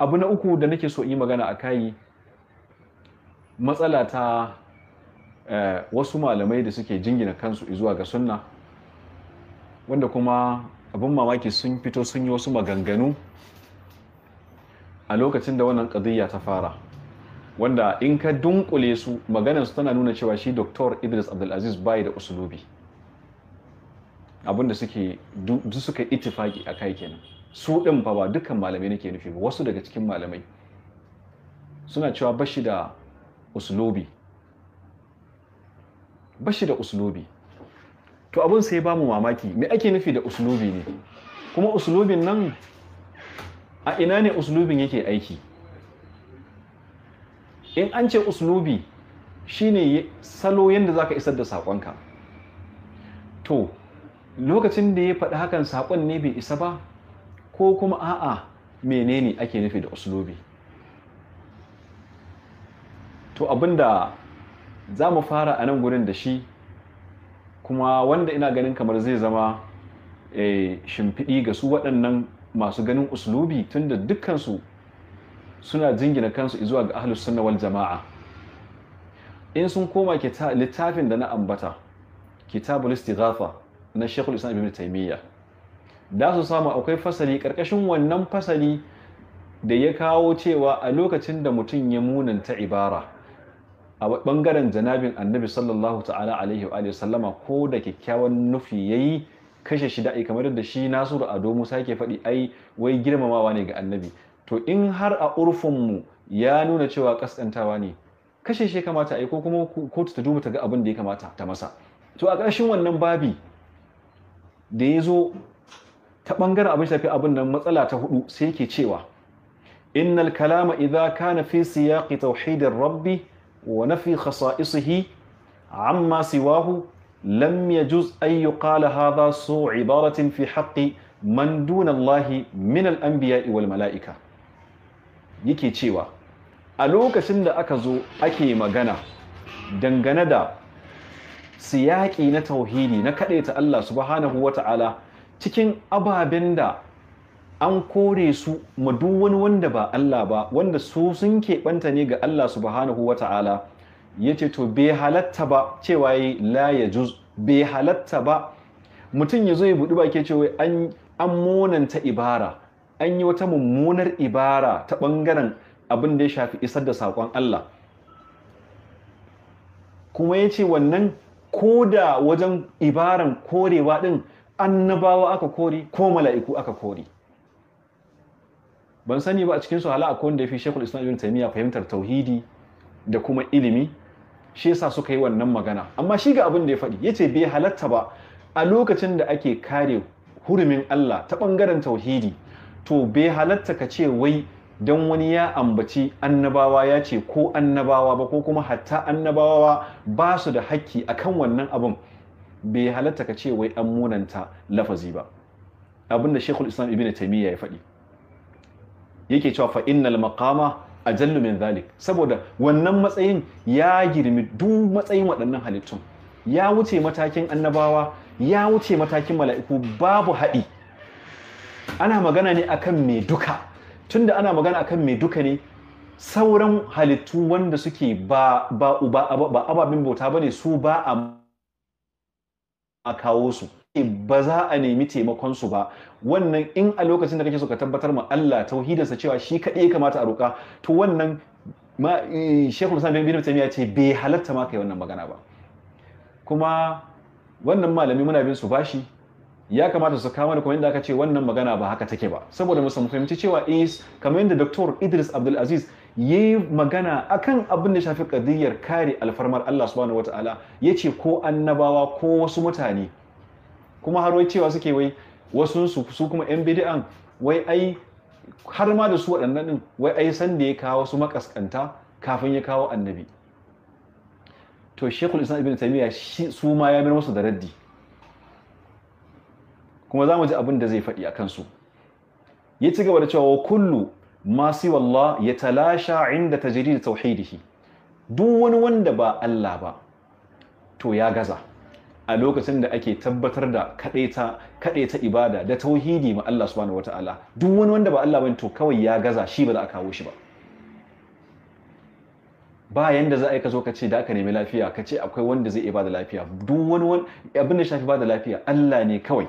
abu na uku da nake so yi magana a kai matsala ta eh, wasu malamai da suke jingina kansu zuwa ga sunna wanda kuma abin mamaki sun fito sun yi wasu maganganu a lokacin da wannan ƙadiyya ta fara wanda in ka dunkule su maganar su tana nuna cewa shi Dr. idris abdulaziz bai da usulubi abinda suke suka itifaki a kai kenan su ɗin fa ba dukkan malamai nake nufi ba wasu daga cikin malamai suna cewa bashi da uslubi bashi da uslubi to abin sai ba mu mamaki me ake nufi da uslubi ne kuma uslubin nan a ina ne uslubin yake aiki in an ce uslubi shine salo yadda zaka isar da saƙonka to lokacin da ya faɗi hakan saƙon ne bai isa ba ko kuma a'a menene ake nufi da uslubi to abinda za mu fara a nan gurin da shi kuma wanda ina ganin kamar zai zama eh, shimfiɗi ga su waɗannan masu ganin uslubi tunda dukkansu suna jingina kansu zuwa ga ahlus sunawar jama'a in sun koma littafin da na ambata kitabul istighatha na shekul Islam Ibn Taymiyyah da su samu akwai fasali karkashin wannan fasali da ya kawo cewa a lokacin da mutum ya munanta ibara a bangaren janabin annabi sallallahu ta'ala alaihi wa sallama ko da kyakkyawan nufi ya yi kashe shi da'i kamar da shi nasuru ado musa sake faɗi ai wai girmamawa ne ga annabi to in har a urfinmu ya nuna cewa ƙasƙantawa ne kashe shi kamata a yi ko kuma kotu ta duba ta ga abin da ya kamata ta masa to a ƙarshen wannan babi da ya zo ta ɓangaren abin shafi abin nan matsala ta hudu sai yake cewa innal kalama idza kana fi siyaqi tauhidir rabbi wa nafi khasa'isihi amma siwahu lam yajuz an yuqala hadha su ibaratin fi haqqi man duna Allah min al-anbiya'i wal mala'ika yake cewa a lokacin da aka zo ake magana dangane da siyaƙi na tauhidi na kadaita Allah subhanahu wata'ala cikin ababen da an kore su ma duk wani wanda ba Allah ba wanda su sun keɓanta ne ga Allah subhanahu wa ta'ala ya ce to bai halatta ba cewa yi la ya juz bai halatta ba mutum ya zo ya buɗi ba ke cewa an monanta ibara an yi wata mummunar ibara ta ɓangaren abin da ya shafi isar da saƙon Allah kuma ya ce wannan ko da wajen ibaran korewa ɗin annabawa aka kori ko mala'iku aka kori ban sani ba a cikin su hala akwai wanda ya fi shekul islam ibn taimiyya fahimtar tauhidi da kuma ilimi shi yasa suka yi wannan magana amma shi ga abin da ya faɗi yace bai halatta ba a lokacin da ake kare hurumin Allah ta ɓangaren tauhidi to bai halatta ka ce wai don wani ya ambaci annabawa ya ce ko annabawa ba ko kuma hatta annabawa ba su da hakki akan wannan abin bai halatta ka ce wai an munanta lafazi ba abinda shekul islam ibn taimiyya ya faɗi yake cewa fa innal maqama ajallu min zalik saboda wannan matsayin ya girmi duk matsayin waɗannan halittun ya wuce matakin annabawa ya wuce matakin mala'iku babu haɗi ana magana ne akan mai duka tunda ana magana akan mai duka ne sauran halittu wanda suke ba ba ba ababin bauta bane su ba a a kawo su ba za a nemi taimakon su ba wannan in a lokacin da kake so ka tabbatar ma Allah sa cewa shi kaɗai ya kamata a roƙa to wannan ma eh, Sheikh Musa bin Tamiya ce bai halatta ma kai wannan magana ba kuma wannan malami muna bin su bashi ya kamata su kama da kuma inda aka ce wannan magana ba haka take ba saboda mu fahimci cewa is eh, kamar yadda Dr. Idris Abdul Aziz yi magana akan abin da shafi kadiyar kare alfarmar Allah subhanahu wataala ce ko annabawa ko wasu mutane kuma har cewa suke wai wasu su kuma yan bid'an wai ai har ma da su waɗannan wai ai san da ya kawo su makaskanta kafin ya kawo annabi to shekul islam ibn taymiya su ma ya mayar musu da raddi kuma za mu ji abin da zai faɗi a kansu ya ci gaba da cewa kullu ma walla ya talasha inda ta da tauhidihi duk wani wanda ba Allah ba to ya gaza a lokacin da ake tabbatar da kadaita kadaita ibada da tauhidi ma Allah subhanahu wataala duk wani wanda ba Allah ba to kawai ya gaza shi ba za a kawo shi ba ba yanda za a yi ka zo ka ce da aka nemi lafiya ka ce akwai wanda zai iya bada lafiya duk wani abin da shafi bada lafiya Allah ne kawai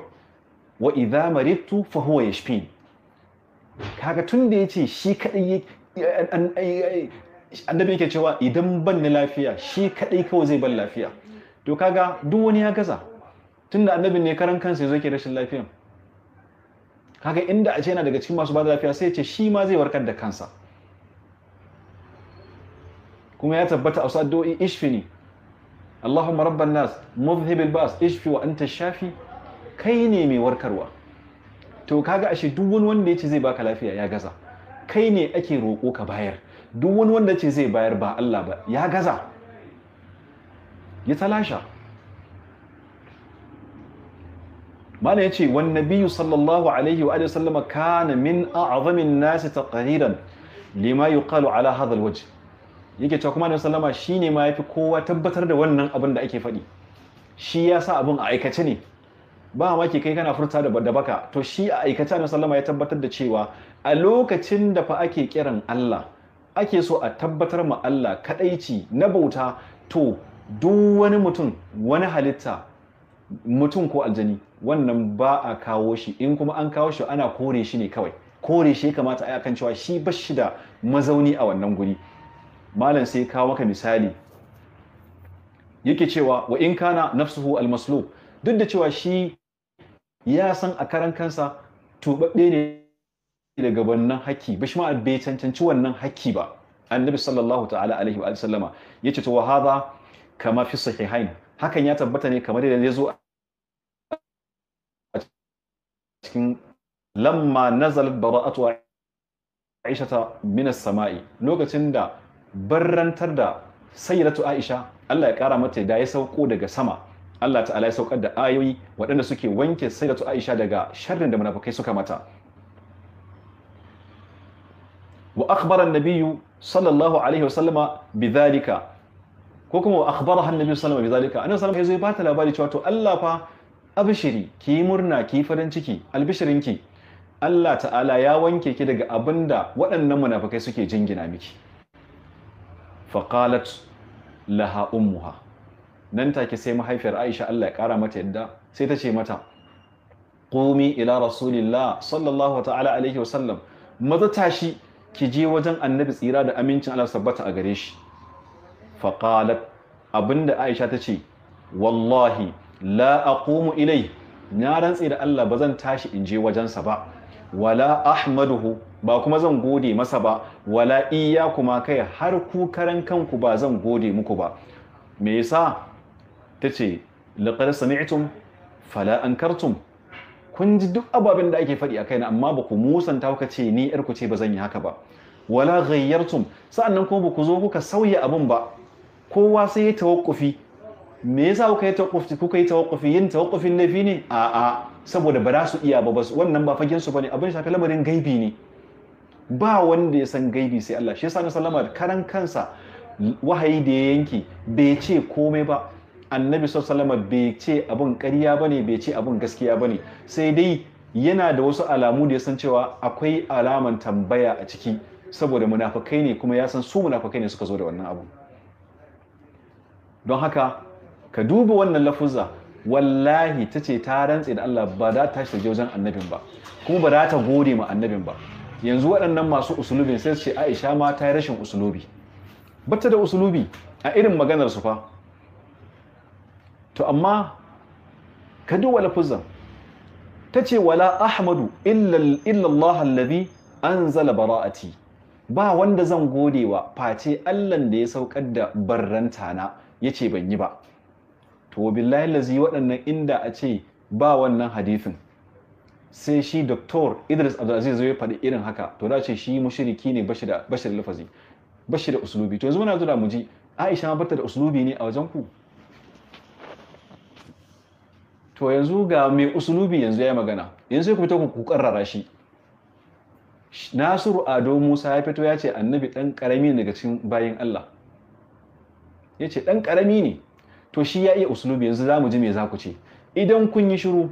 wa idza maridtu fa huwa yashfini kaga tun da ya ce shi kaɗai annabi yake cewa idan ban ni lafiya shi kaɗai kawai zai ban lafiya to kaga duk wani ya gaza tun da annabin ne karan kansa ya zo ke rashin lafiyan kaga inda a ce yana daga cikin masu ba da lafiya sai ya ce shi ma zai warkar da kansa kuma ya tabbata a wasu addu'o'i ishfini Allahumma rabban nas mudhhibil ba's ishfi wa anta shafi kai ne mai warkarwa to kaga ashe duk wani wanda yace zai baka lafiya ya gaza kai ne ake roƙo ka bayar duk wani wanda ce zai bayar ba Allah ba ya gaza ya talasha mana yace wan nabiyyu sallallahu alaihi wa sallama kana min a'zamin nasi taqriran lima yuqalu ala hadha alwajh yake cewa kuma annabi sallama shine ma yafi kowa tabbatar da wannan abin da ake faɗi shi ya sa abin a aikace ne ba maki kai kana furta da baka to shi a aikace na sallama ya tabbatar da cewa a lokacin da fa ake kiran Allah ake so a tabbatar ma Allah kadaici na bauta to duk wani mutum wani halitta mutum ko aljani wannan ba a kawo shi in kuma an kawo shi ana kore shi ne kawai kore shi kamata a kan cewa shi ba shi da mazauni a wannan guri malam sai kawo maka misali yake cewa wa in kana nafsuhu almaslu duk da cewa shi ya san a karan kansa tubabbe ne daga wannan ba shi ma bai cancanci wannan haki ba annabi sallallahu ta'ala alaihi wa sallama yace to hadha kama fi sahihain hakan ya tabbata ne kamar yadda ya zo a cikin lamma nazalat bara'atu Aisha ta minas sama'i lokacin da barrantar da sayyidatu Aisha Allah ya kara mata da ya sauko daga sama Allah ta'ala ya saukar da ayoyi waɗanda suke wanke sai da Aisha daga sharrin da munafukai suka mata wa akhbara an sallallahu alaihi wa sallama bidhalika ko kuma wa akhbaraha an-nabiyyu sallallahu alaihi wa sallama bidhalika annabi sallallahu alaihi wa sallama labari cewa to Allah fa abshiri ki murna ki farin ciki albishirinki Allah ta'ala ya wanke ki daga abinda waɗannan munafukai suke jingina miki Fa faqalat laha ummuha nan take sai mahaifiyar Aisha Allah ya kara mata yadda sai ta ce mata qumi ila rasulillah sallallahu ta'ala alaihi wa sallam maza tashi ki je wajen annabi tsira da amincin Allah sabbata a gare shi fa qalat abinda Aisha ta ce wallahi la aqumu ilai na rantse da Allah bazan tashi in je wajensa ba wala ahmaduhu ba kuma zan gode masa ba wala iya kuma kai har ku karan kanku ba zan gode muku ba me yasa ta ce laƙar sami'tum fala an kartum kun ji duk ababen da ake faɗi a na, amma ba ku musanta kuka ce ni ku ce ba zan yi haka ba wala sa'an nan kuma ba ku zo kuka sauya abin ba kowa sai ya tawakkufi me yasa kuka yi tawakkufi kuka yi tawakkufi yin tawakkufin laifi ne a'a saboda ba za su iya ba wannan ba fagen su bane abin shaka lamarin gaibi ne ba wanda ya san gaibi sai Allah shi yasa na sallama karan kansa wahayi da ya yanki bai ce komai ba annabi sallama bai ce abin ƙarya bane bai ce abin gaskiya ba ne sai dai yana da wasu alamu da ya san cewa akwai alaman tambaya a ciki saboda munafakai ne kuma ya san su munafakai ne suka zo da wannan abu don haka ka duba wannan lafuzza wallahi ta ce ta rantse da Allah ba za ta shirje wajen annabin ba kuma ba za ta gode ma annabin ba yanzu waɗannan masu usulubin sai su ce Aisha ma ta yi rashin usulubi bata da usulubi a irin maganar su fa to amma ka duba lafuzan ta ce wala ahmadu illallah allazi anzala bara'ati ba wanda zan gode wa face allan da ya saukar da barranta na yace ban yi ba to billahi allazi waɗannan inda a ce ba wannan hadithin sai shi doktor idris abdulaziz zai faɗi irin haka to da ce shi mushriki ne bashi da lafazi bashi da usulubi to yanzu muna zuwa mu ji aisha ma bata da uslubi ne a wajen ku to yanzu ga mai usulubi yanzu ya magana yanzu sai ku fito ku karrara shi Nasiru Ado Musa ya fito ya ce annabi ɗan ƙarami daga cikin bayan Allah. Ya ce ɗan ƙarami ne, to shi ya iya usulubi yanzu za mu ji mai za ku ce. Idan kun yi shiru,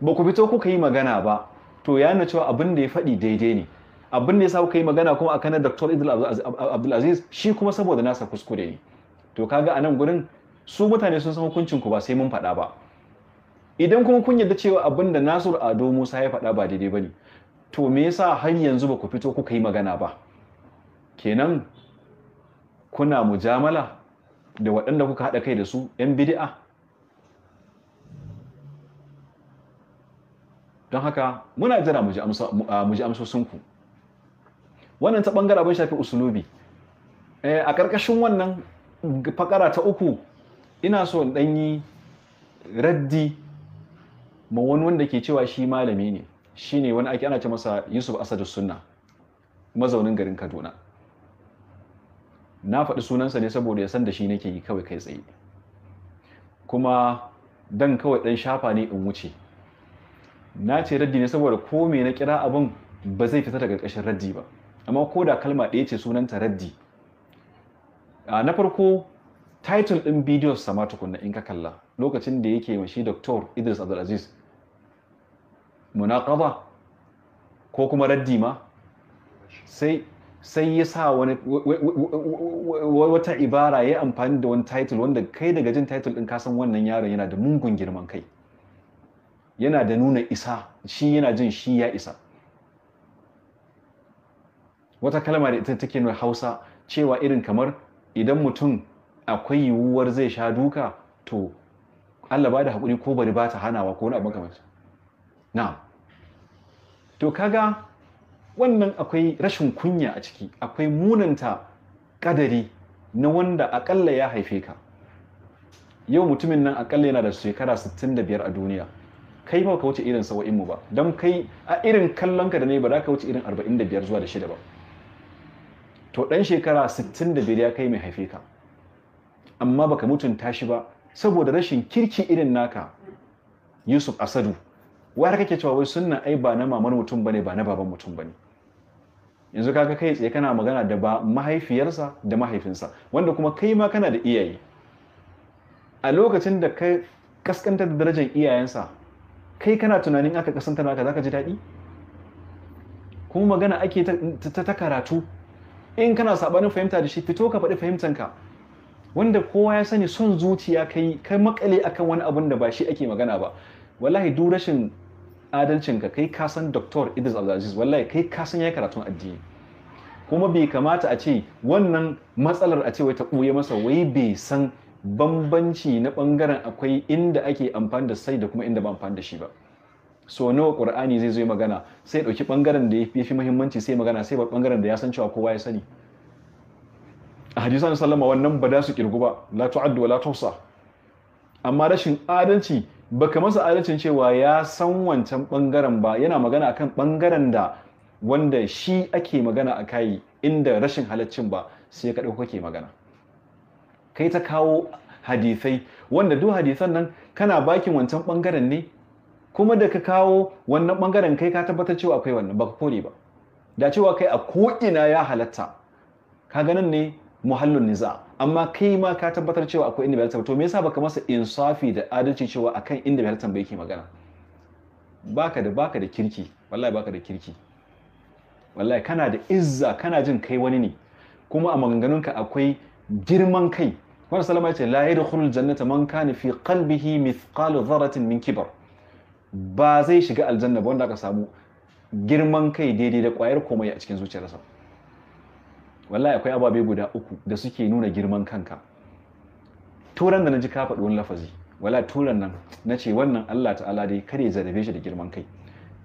ba ku fito kuka yi magana ba, to ya na cewa abin da ya faɗi daidai ne. Abin da ya sa kuka yi magana kuma a kanar Dr. Idil Abdulaziz shi kuma saboda nasa kuskure ne. To kaga a nan gurin su mutane sun san hukuncin ku ba sai mun faɗa ba. idan kuma kun yarda cewa abin da Ado Musa ya faɗa ba daidai ba ne to me yasa har yanzu ba ku fito kuka yi magana ba kenan kuna mujamala da waɗanda kuka haɗa kai da su 'yan bidi'a don haka muna jira mu ji amsosinku wannan ta ɓangare abin shafi usulubi eh, a ƙarƙashin wannan fakara ta uku ina so ɗanyi raddi ma wani wanda ke cewa shi malami ne shi ne wani ake ana ce masa Yusuf Asadu Sunna mazaunin garin Kaduna na faɗi sunansa ne saboda ya san da shi nake yi kawai kai tsaye kuma dan kawai ɗan shafa ne in wuce na ce raddi ne saboda ko me na kira abin ba zai fita daga ƙarƙashin raddi ba amma ko da kalma ɗaya ce sunanta raddi A na farko title ɗin bidiyon sama tukunna in ka kalla lokacin da yake mashi Dr. Idris Abdulaziz munakaba ko kuma raddi ma sai sai ya sa wani wata ibara ya amfani da wani title wanda kai daga jin title din ka san wannan yaron yana da mungun girman kai yana da nuna isa shi yana jin shi ya isa wata kalma da ita take nuna Hausa cewa irin kamar idan mutum akwai yiwuwar zai sha duka to Allah ba da haƙuri ko bari ba ta hanawa ko wani abu kamar na'am to kaga wannan akwai rashin kunya a ciki akwai munanta kadari na wanda akalla ya haife ka yau mutumin nan akalla yana da shekara 65 a duniya kai ba ka wuce irin sawa'in mu ba don kai a irin kallon ka da ne ba za ka wuce irin 45 zuwa da shida ba to ɗan shekara 65 ya kai mai haife ka amma baka mutunta shi ba saboda rashin kirki irin naka Yusuf Asadu wa kake cewa wai sunna ai ba na mamar mutum bane ba na baban mutum bane yanzu kaga kai tsaye kana magana da ba mahaifiyarsa da mahaifinsa wanda kuma kai ma kana da iyaye a lokacin da ka kaskanta da darajar iyayensa kai kana tunanin aka kasanta naka zaka ji daɗi kuma magana ake ta, ta karatu in kana sabanin fahimta da shi fito ka faɗi fahimtanka wanda kowa ya sani son zuciya kai kai makale akan wani abun da ba shi ake magana ba wallahi du rashin adalcin ka kai kasan san Idris Abdulaziz wallahi kai kasan karatun addini kuma bai kamata a ce wannan matsalar a ce wai ta ɓuye masa wai bai san bambanci na ɓangaren akwai inda ake amfani da sai da kuma inda ba amfani da shi ba so nawa ƙur'ani zai zo magana sai ɗauki ɓangaren da ya fi muhimmanci sai magana sai ba ɓangaren da ya san cewa kowa ya sani a hadisan sallama wannan ba da su kirgu ba la tu'addu wa la tuhsa amma rashin adalci baka masa adalcin cewa ya san wancan bangaren ba yana magana akan bangaren da wanda shi ake magana a kai inda rashin halaccin ba sai ka kake magana kai ta kawo hadisai wanda duk hadisan nan kana bakin wancan bangaren ne kuma da ka kawo wannan bangaren kai ka tabbatar cewa akwai wannan ba ka kore ba da cewa kai a ko'ina ya halatta ka ganin ne Muhallin niza amma kai ma ka tabbatar cewa akwai inda bai to me yasa baka masa insafi da adalci cewa akan inda bai halatta ba yake magana baka da baka da kirki wallahi baka da kirki wallahi kana da izza kana jin kai wani ne kuma a ka akwai girman kai wanda salama ce la yadkhulul jannata man kana fi qalbihi mithqalu dharratin min kibar ba zai shiga aljanna ba wanda aka samu girman kai daidai da kwayar komai a cikin zuciyarsa wallahi akwai ababe guda uku da suke nuna girman kanka turan da na ji ka faɗi lafazi wala turan nan na ce wannan Allah ala dai kare zarabe shi da girman kai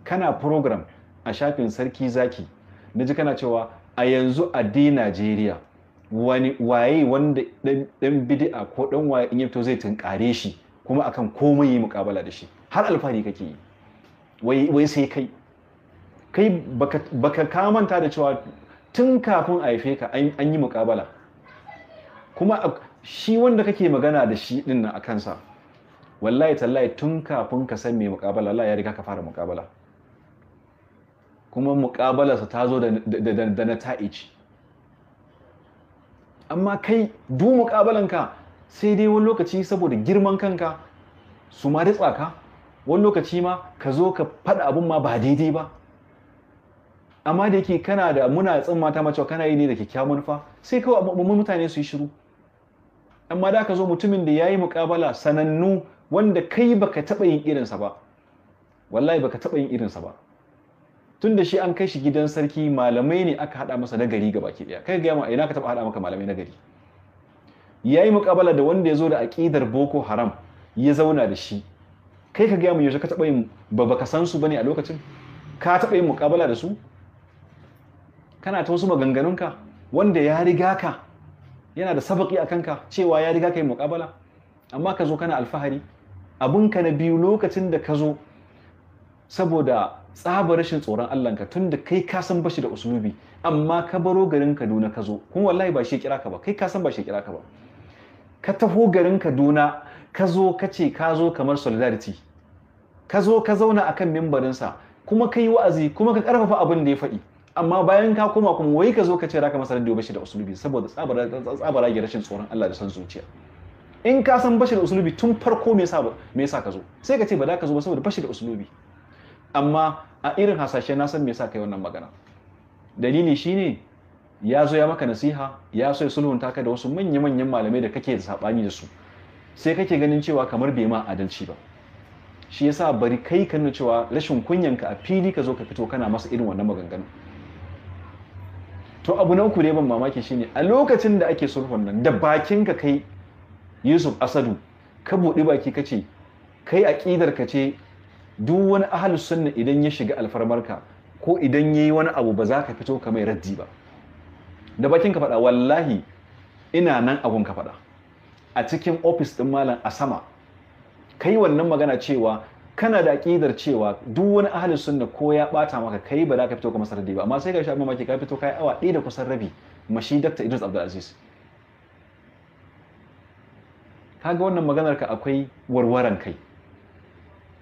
kana program a shafin sarki zaki na ji kana cewa a yanzu a di Najeriya wani waye wanda dan bid'a ko dan waye in yato zai tunkare shi kuma akan komai yi mukabala da shi har alfahari kake yi wai sai kai kai baka kamanta da cewa tun kafin a haife ka an yi muƙabala kuma shi wanda kake magana da shi din nan a kansa wallahi tallahi tun kafin ka san mai muƙabala Allah ya riga ka fara mukabala kuma mukabala ta zo da da na ta'ici amma kai du ka sai dai wani lokaci saboda girman kanka su ma ritsa ka wani lokaci ma ka zo ka faɗa abun ma ba daidai ba amma da yake kana da muna tsin mata macewa kana yi ne da kyakkyawan manufa sai kawai mun mutane su yi shiru amma da ka zo mutumin da yayi mukabala sanannu wanda kai baka taɓa yin irinsa ba wallahi baka taɓa yin irinsa ba tun da shi an kai shi gidan sarki malamai ne aka haɗa masa nagari ga baki ɗaya kai gaya ma ina ka taɓa haɗa maka malamai nagari ya yi muƙabala da wanda ya zo da aƙidar boko haram ya zauna da shi kai ka gaya mu yaushe ka taɓa yin ba baka san su bane a lokacin ka taɓa yin mukabala da su kana ta wasu maganganunka wanda ya riga ka yana da sabaki a kanka cewa ya riga ka yi muƙabala amma ka zo kana alfahari abinka na biyu lokacin da ka zo saboda tsabar rashin tsoron Allahnka tun da kai ka san bashi da usulubi amma ka baro garin Kaduna ka zo kuma wallahi ba shi kira ka ba kai ka san ba shi kira ka ba ka taho garin Kaduna ka zo ka ce ka zo kamar solidarity ka zo ka zauna akan mimbarinsa kuma ka yi wa'azi kuma ka karfafa abin da ya faɗi amma bayan ka koma kuma wai ka zo ka ce raka masa raddiyo bashi da usulubi saboda tsabara ga rashin tsoron Allah da san zuciya in ka san bashi da usulubi tun farko me yasa ka zo sai ka ce ba za ka zo ba saboda bashi da usulubi amma a irin hasashe na san me yasa kai wannan magana dalili shine ya zo ya maka nasiha ya so ya sulhunta ka da wasu manya-manyan malamai da kake da sabani da su sai kake ganin cewa kamar bai ma adalci ba shi yasa bari kai ka nuna cewa rashin kunyanka a fili ka zo ka fito kana masa irin wannan maganganun to abu na uku da ban mamaki shine a lokacin da ake sulhun nan da bakinka kai Yusuf Asadu ka buɗi baki ka ce kai aƙidar ka ce duk wani ahal sunna idan ya shiga alfarmarka ko idan ya yi wani abu ba za ka fito ka mai raddi ba da bakinka faɗa wallahi ina nan abun ka faɗa a cikin ofis ɗin malam a sama kai wannan magana cewa kana da aƙidar cewa duk wani ahalin sunna ko ya bata maka kai ba za ka fito ka masa ba amma sai ka sha mamaki ka fito kai awa ɗaya da kusan rabi mashi Dr. Idris Abdulaziz kaga wannan maganar ka akwai warwaran kai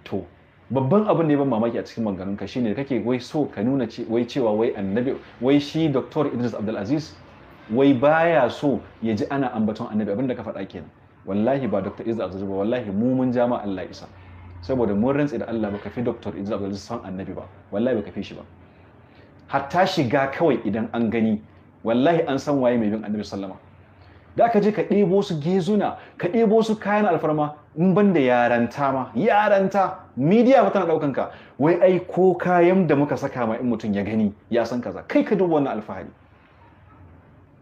to babban abin da ya ban mamaki a cikin maganganun ka shine kake wai so ka nuna wai cewa wai annabi wai shi Dr. Idris Abdulaziz wai baya so ya ji ana ambaton annabi abinda ka faɗa kenan wallahi ba Dr. Idris Abdulaziz ba wallahi mu mun jama Allah isa saboda mun rantsi da Allah baka fi Dr. Idris Abdul son annabi ba wallahi baka fi shi ba hatta shiga kawai idan an gani wallahi an san waye mai bin annabi sallama da ka je ka ɗebo su gezuna ka ɗebo su kayan alfarma in ban da yaranta ma yaranta midiya ba tana ɗaukan ka wai ai ko kayan da muka saka ma in mutum ya gani ya san kaza kai ka duba wannan alfahari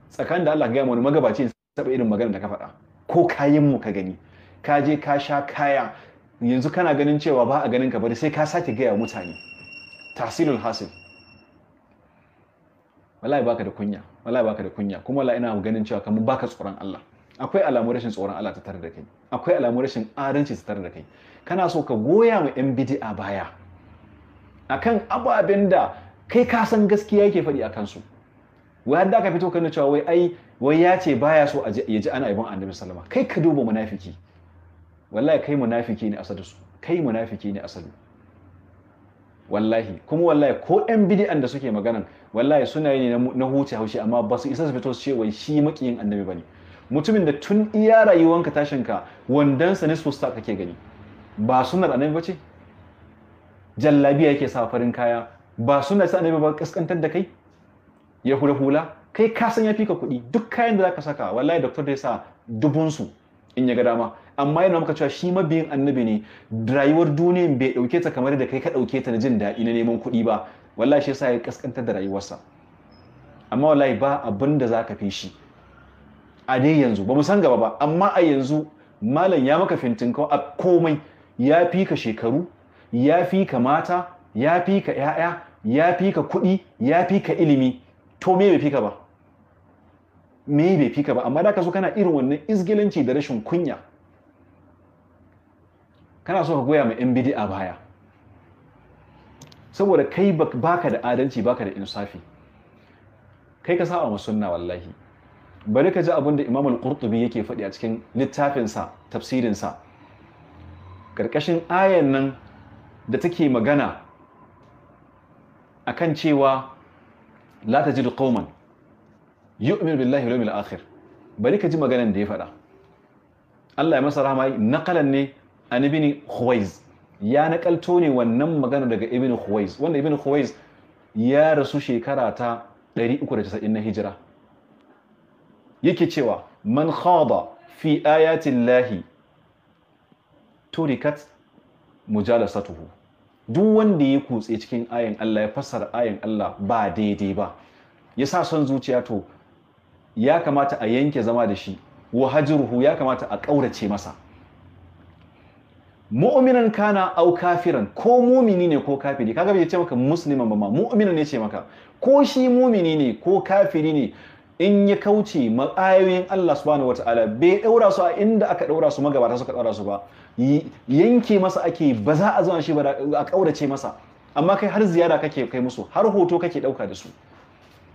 tsakanin da Allah ga wani magabaci saba irin magana da ka faɗa ko kayan mu ka gani ka je ka sha kaya yanzu kana ganin cewa ba a ganin ka bari sai ka sake gaya mutane tahsilul hasil wallahi baka da kunya wallahi baka da kunya kuma wallahi ina ganin cewa kamar baka tsoron Allah akwai alamun rashin tsoron Allah ta tare da kai akwai alamun rashin adalci ta tare da kai kana so ka goya ma yan bid'a baya akan ababen da kai ka san gaskiya yake faɗi akan su wai da ka fito kana cewa wai ai wai ya ce baya so ya ji ana ibon annabi sallama kai ka duba munafiki wallahi kai munafiki ne su kai munafiki ne asali wallahi kuma wallahi ko yan bidi'an da suke maganan wallahi suna yi ne na huce haushi amma ba su isa su fito su ce wai shi makiyin annabi bane mutumin da tun iya rayuwanka tashinka wandansa ne su kake gani ba sunar annabi bace jallabiya yake sa farin kaya ba suna sa annabi ba kaskantar da kai ya hula hula kai ka san ya fika kuɗi duk kayan da zaka saka wallahi doctor da ya sa dubunsu in ya ga dama amma yana maka cewa shi mabiyin annabi ne rayuwar duniyan bai dauke ta kamar da kai ka dauke ta na jin daɗi na neman kuɗi ba wallahi shi yasa ya kaskantar da rayuwarsa amma wallahi ba abin da zaka fi shi a dai yanzu ba san gaba ba amma a yanzu malam ya maka fintin ka a komai ya fi ka shekaru ya fi ka mata ya fi ka ƴaƴa ya fi ka kuɗi ya fi ka ilimi to me bai fi ka ba me bai fi ka ba amma da ka so kana irin wannan izgilanci da rashin kunya kana so ka goya ma yan bidi a baya saboda kai baka da adalci baka da insafi kai ka saba ma sunna wallahi bari ka ji abin da Imam al-Qurtubi yake faɗi a cikin littafinsa tafsirinsa Ƙarƙashin ayan nan da take magana a kan cewa la tajidu qauman yu'minu billahi wal akhir bari ka ji maganan da ya faɗa Allah ya masa rahama naqalan ne an ibn Khuwais ya nakalto ne wannan magana daga ibn Khuwais wanda ibn Khuwais ya rasu shekara ta 390 na hijira yake cewa man khada fi ayatin lahi turikat mujalasatuhu duk wanda ya kutse cikin ayan Allah ya fassara ayan Allah ba daidai ba ya sa son zuciya to ya kamata a yanke zama da shi wa hajruhu ya kamata a ƙaurace masa mu'minan kana au kafiran ko mumini ne ko kafiri kaga bai ce maka musliman ba ma mu'minan ne ce maka ko shi mumini ne ko kafiri ne in ya kauce ma'ayoyin Allah subhanahu wataala bai daura su a inda aka daura su magabata suka daura su ba yanke masa ake ba za a zama shi ba a kaurace masa amma kai har ziyara kake kai musu har hoto kake dauka da su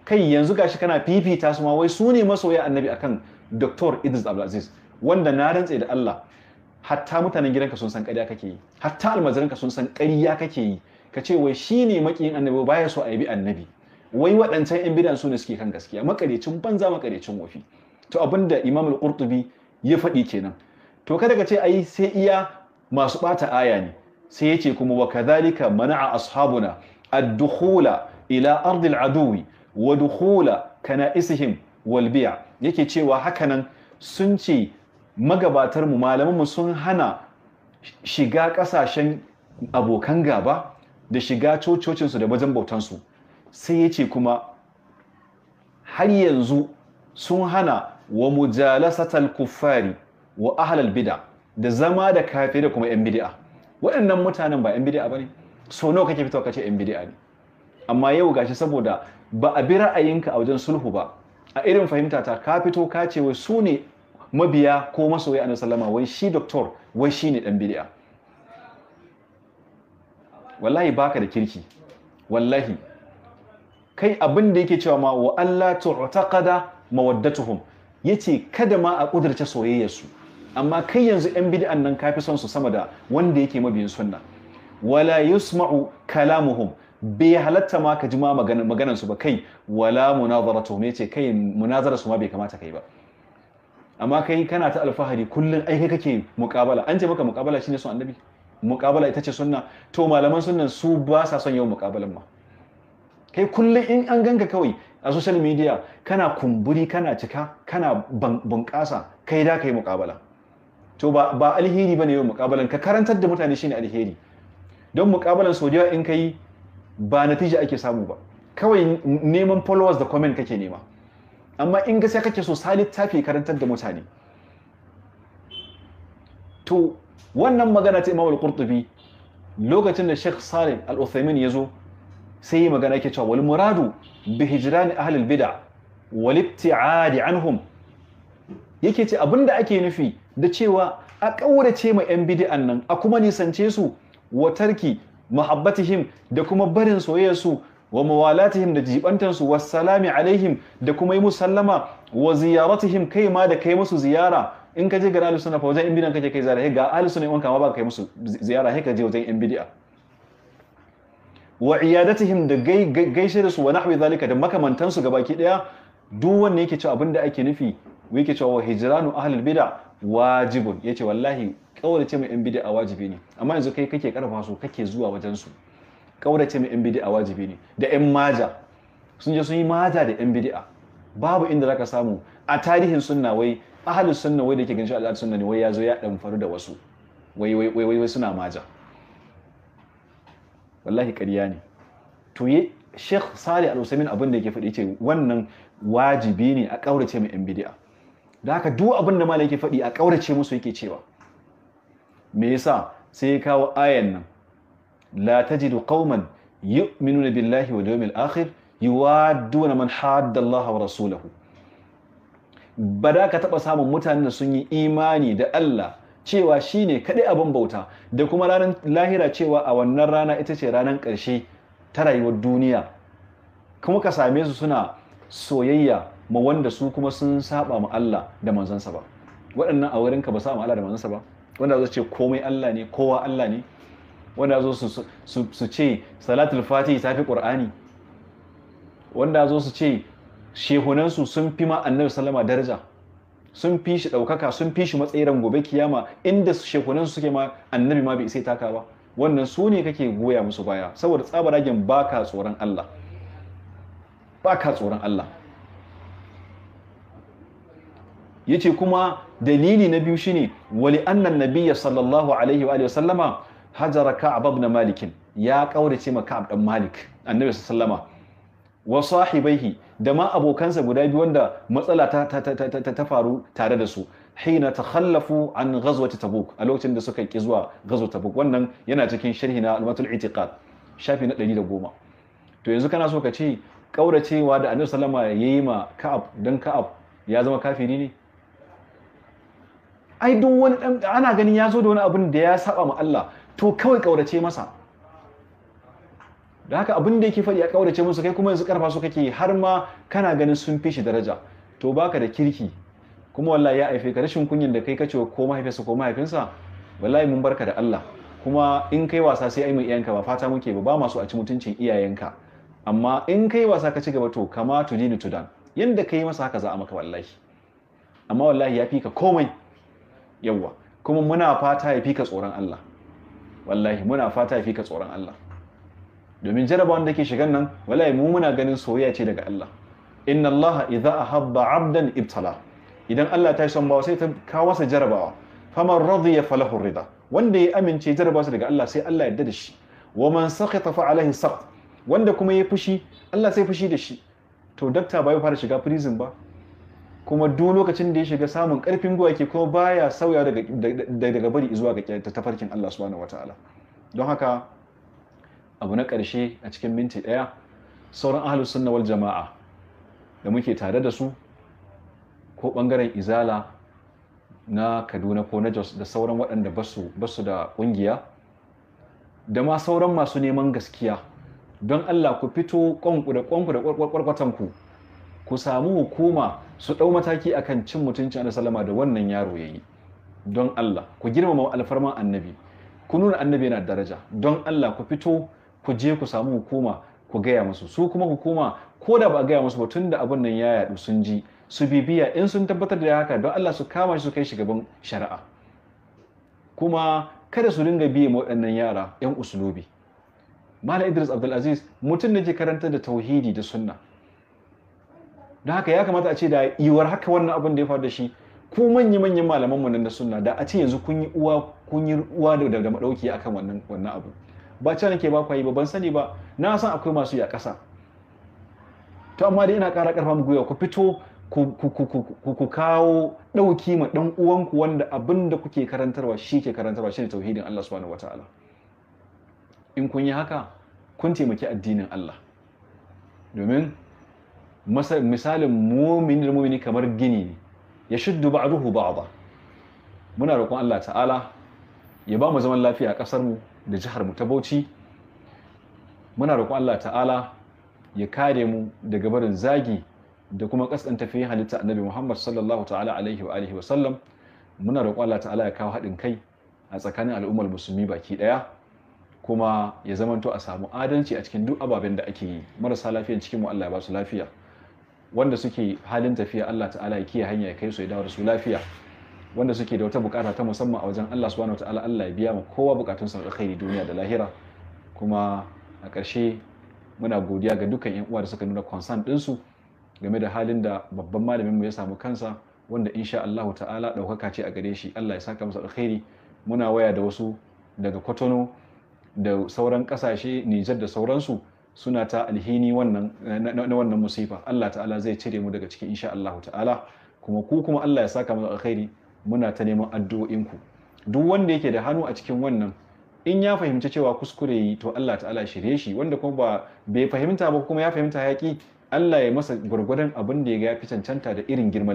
kai yanzu gashi kana fifita su ma wai su ne masoya annabi akan Dr. Idris Abdulaziz wanda na rantse da Allah hatta mutanen gidanka sun san ƙarya kake yi hatta ka sun san ƙarya kake yi ka ce wai shi ne maƙiyin annabi baya so a yi bi annabi wai waɗancan yan bidan su ne suke kan gaskiya makarecin banza makarecin wafi to abinda imam al-qurtubi ya faɗi kenan to kada ka ce ai sai iya masu ɓata aya ne sai ya ce kuma wa kadhalika mana'a ashabuna ad-dukhula ila al aduwi wa dukhula kana'isihim wal bi'a yake cewa nan sun ce magabatarmu malamanmu sun hana shiga ƙasashen abokan gaba da shiga cococinsu da wajen bautansu sai ya ce kuma har yanzu sun hana wa mujalasatal kuffari wa ahlal bid'a da zama da kafe da kuma yan bid'a waɗannan mutanen ba yan ba ne? so nawa kake fitowa kace yan bidi'a ne amma yau gashi saboda ba a bi ra'ayinka a wajen sulhu ba a irin fahimta ta ka fito ka ce wai su ne mabiya ko masoyi a sallama wai shi doktor wai shi ne dan bid'a wallahi baka da kirki wallahi kai abin da yake cewa ma wa Allah tu'taqada mawaddatuhum yace kada ma a soyayya soyayyarsu amma kai yanzu yan bid'an nan kafi son su sama da wanda yake mabiyin sunna wala yusma'u kalamuhum bai halatta ma ka ji ma maganansu ba kai wala munazaratuhum yace kai munazara su ma bai kamata kai ba amma kai kana ta alfahari kullum ai kake muƙabala an ce maka muƙabala shine son annabi muƙabala ita ce sunna to malaman sunnan su ba sa son yawan muƙabalan ma kai kullum in an ganka kawai a social media kana kumburi kana cika kana bunƙasa kai da kai mukabala to ba ba alheri bane yawan muƙabalan ka karantar da mutane shine alheri don muƙabalan sau in ka yi ba natija ake samu ba kawai neman followers da comment kake nema amma in sai kake so sa littafi karantar da mutane to wannan magana ta Imam al-Qurtubi lokacin da Sheikh Salim al-Uthaymeen ya zo sai magana yake cewa wal muradu bi hijran ahli al-bid'a wal ibti'ad anhum yake ce abinda ake nufi da cewa a kaurace ma yan bid'an nan a kuma nisance su wa tarki mahabbatihim da kuma barin soyayya su wa mawalatihim da jibantansu salami alaihim da kuma yi musallama wa ziyaratihim kai ma da kai musu ziyara in ka je ga ahlus sunna fa wajen in bid'a kake kai ziyara ga ahlus sunna in wanka ma ba kai musu ziyara sai je wajen in bid'a wa iyadatihim da gaishe da su wa nahwi zalika da makamantansu baki daya duk wanda yake cewa abinda ake nufi yake cewa hijranu ahlul bid'a wajibun yace wallahi kaurace mai yan bid'a wajibi ne amma yanzu kai kake karfa su kake zuwa wajen su kaurace mai yan bidi'a wajibi ne da yan maja sun je sun yi maja da yan bidi'a. babu inda zaka samu a tarihin sunna wai ahlus sunna wai da ke ganshi al'adun sunna ne wai ya zo ya dan faru da wasu wai wai wai wai suna maja wallahi ƙarya ne to yi Sheikh Salih Al-Usaimin abin da yake faɗi ce wannan wajibi ne a kaurace mai yan bidi'a. da haka duk abin da malai yake faɗi a kaurace musu yake cewa me yasa sai ya kawo ayan nan la tajidu qauman yu'minuna billahi wal yawmil akhir yuwadduna man hadda Allah wa rasulahu ba da ka taɓa samun mutanen da sun yi imani da Allah cewa shi shine kadai abin bauta da kuma ranar lahira cewa a wannan rana ita ce ranan ƙarshe ta rayuwar duniya kuma ka same su suna soyayya ma wanda su kuma sun saba ma Allah da manzansa ba waɗannan a wurinka ba sa ma Allah da manzansa ba wanda zai ce komai Allah ne kowa Allah ne wanda zo su ce salatul fatihi ta fi ƙur'ani wanda zo su ce shehunansu sun fi ma annabi sallama daraja sun fi shi ɗaukaka sun fi shi matsayin gobe kiyama inda shehunansu suke ma annabi ma bai sai taka ba wannan su ne kake goya musu baya saboda tsabaragen ka tsoron Allah baka tsoron Allah yace kuma dalili na biyu shine wali annan nabiyya sallallahu alaihi wa sallama hajara ka'ab ibn malik ya kaurace ma ka'ab dan malik annabi sallama wa sahibaihi da ma abokansa guda biyu wanda matsala ta ta faru tare da su hina takhallafu an ghazwati tabuk a lokacin da suka ki zuwa ghazwat tabuk wannan yana cikin sharhi na almatul itiqad shafi na 110 to yanzu kana so ka ce kauracewa da annabi sallama yayi ma ka'ab dan ka'ab ya zama kafiri ne ai duk wani ana ganin ya zo da wani abin da ya saba ma Allah to kawai kaurace masa da haka abin da yake faɗi a kaurace musu kai kuma yanzu ƙarfa su kake har ma kana ganin sun fi shi daraja to baka da kirki kuma wallahi ya aife ka rashin kunyin da kai kace ko mahaifinsa ko mahaifinsa wallahi mun barka da Allah kuma in kai wasa sai ai mai iyayenka ba fata muke ba ba masu a ci mutuncin iyayenka amma in kai wasa ka ci gaba to kama to dini to dan yanda kai masa haka za a maka wallahi amma wallahi ya fi ka komai yawa kuma muna fata ya fi ka tsoron Allah wallahi muna fata fi ka tsoron Allah domin jaraba wanda ke shigan nan wallahi mu muna ganin soyayya ce daga Allah inna Allah idza ahabba 'abdan ibtala idan Allah ta son bawa sai ta kawo sa jarabawa faman radiya falahu rida wanda ya amince jarabawa daga Allah sai Allah ya da shi wa man sakhata fa alaihi wanda kuma ya fushi Allah sai fushi da shi to dakta bai fara shiga prison ba kuma duk lokacin da ya shiga samun karfin gwiwa ke kuma baya sauya daga bari zuwa ga tafarkin Allah subhanahu wataala don haka abu na ƙarshe a cikin minti ɗaya sauran ahlus sunna wal jama'a da muke tare da su ko ɓangaren izala na kaduna ko na jos da sauran waɗanda ba su da ƙungiya da ma sauran masu neman gaskiya don allah ku fito ƙwanku da da ku samu hukuma su ɗau mataki a kan cin mutuncin ana salama da wannan yaro ya yi. don Allah ku girmama alfarman annabi ku nuna annabi yana daraja don Allah ku fito ku je ku samu hukuma ku gaya musu su kuma hukuma ko da ba a gaya musu ba tun da abin nan ya yaɗu sun ji su bibiya in sun tabbatar da haka don Allah su kama shi su kai shugaban shari'a kuma kada su dinga biye waɗannan yara 'yan usulobi Malam Idris Abdulaziz mutum ne ke karantar da tauhidi da sunna don haka ya kamata a ce da yiwuwar haka wannan abin da ya faru da shi ko manya-manyan malaman mu da sunna da a ce yanzu kun yi uwa kun yi uwa da da madauki akan wannan wannan abu ba ce nake ba kwai yi ba ban sani ba na san akwai masu ya kasa to amma dai ina ƙara ƙarfa mu gwiwa ku fito ku kawo ɗauki ma ɗan uwanku wanda abin da kuke karantarwa shi ke karantarwa shi ne tauhidin Allah subhanahu wataala in kun yi haka kun taimaki addinin Allah domin misalin mumini da mumini kamar gini ne ya shuddu ba ba. muna roƙon Allah ta'ala ya ba mu zaman lafiya a ƙasar mu da jihar mu ta Bauchi muna roƙon Allah ta'ala ya kare mu daga barin zagi da kuma ƙasƙan tafi halitta annabi Muhammad sallallahu ta'ala alaihi wa alihi wa sallam muna roƙon Allah ta'ala ya kawo haɗin kai a tsakanin al'ummar musulmi baki ɗaya kuma ya zamanto a samu adalci a cikin duk ababen da ake yi marasa lafiyan cikin mu Allah ya ba su lafiya wanda suke halin tafiya Allah ta'ala ya kiyaye hanya ya kai su ya dawo da su lafiya wanda suke da wata bukata ta musamman a wajen Allah subhanahu wataala Allah ya biya ma kowa bukatun sa alkhairi duniya da lahira kuma a ƙarshe muna godiya ga dukkan yan uwa da suka nuna concern din su game da halin da babban malamin mu ya samu kansa wanda insha Allah ta'ala daukaka ce a gare shi Allah ya saka masa alkhairi muna waya da wasu daga Kotono da sauran kasashe Nijar da sauransu suna ta alhini wannan eh, na wannan musifa Allah ta'ala zai cire mu daga cikin insha Allah ta'ala kuma ku kuma Allah ya saka mu alkhairi muna ta neman addu'o'inku duk wanda yake da hannu a cikin wannan in ya fahimci cewa kuskure yi to Allah ta'ala shirye shi wanda kuma ba bai fahimta ba kuma ya fahimta yaƙi Allah ya masa gwargwadon abin da ya ga ya fi cancanta da irin girman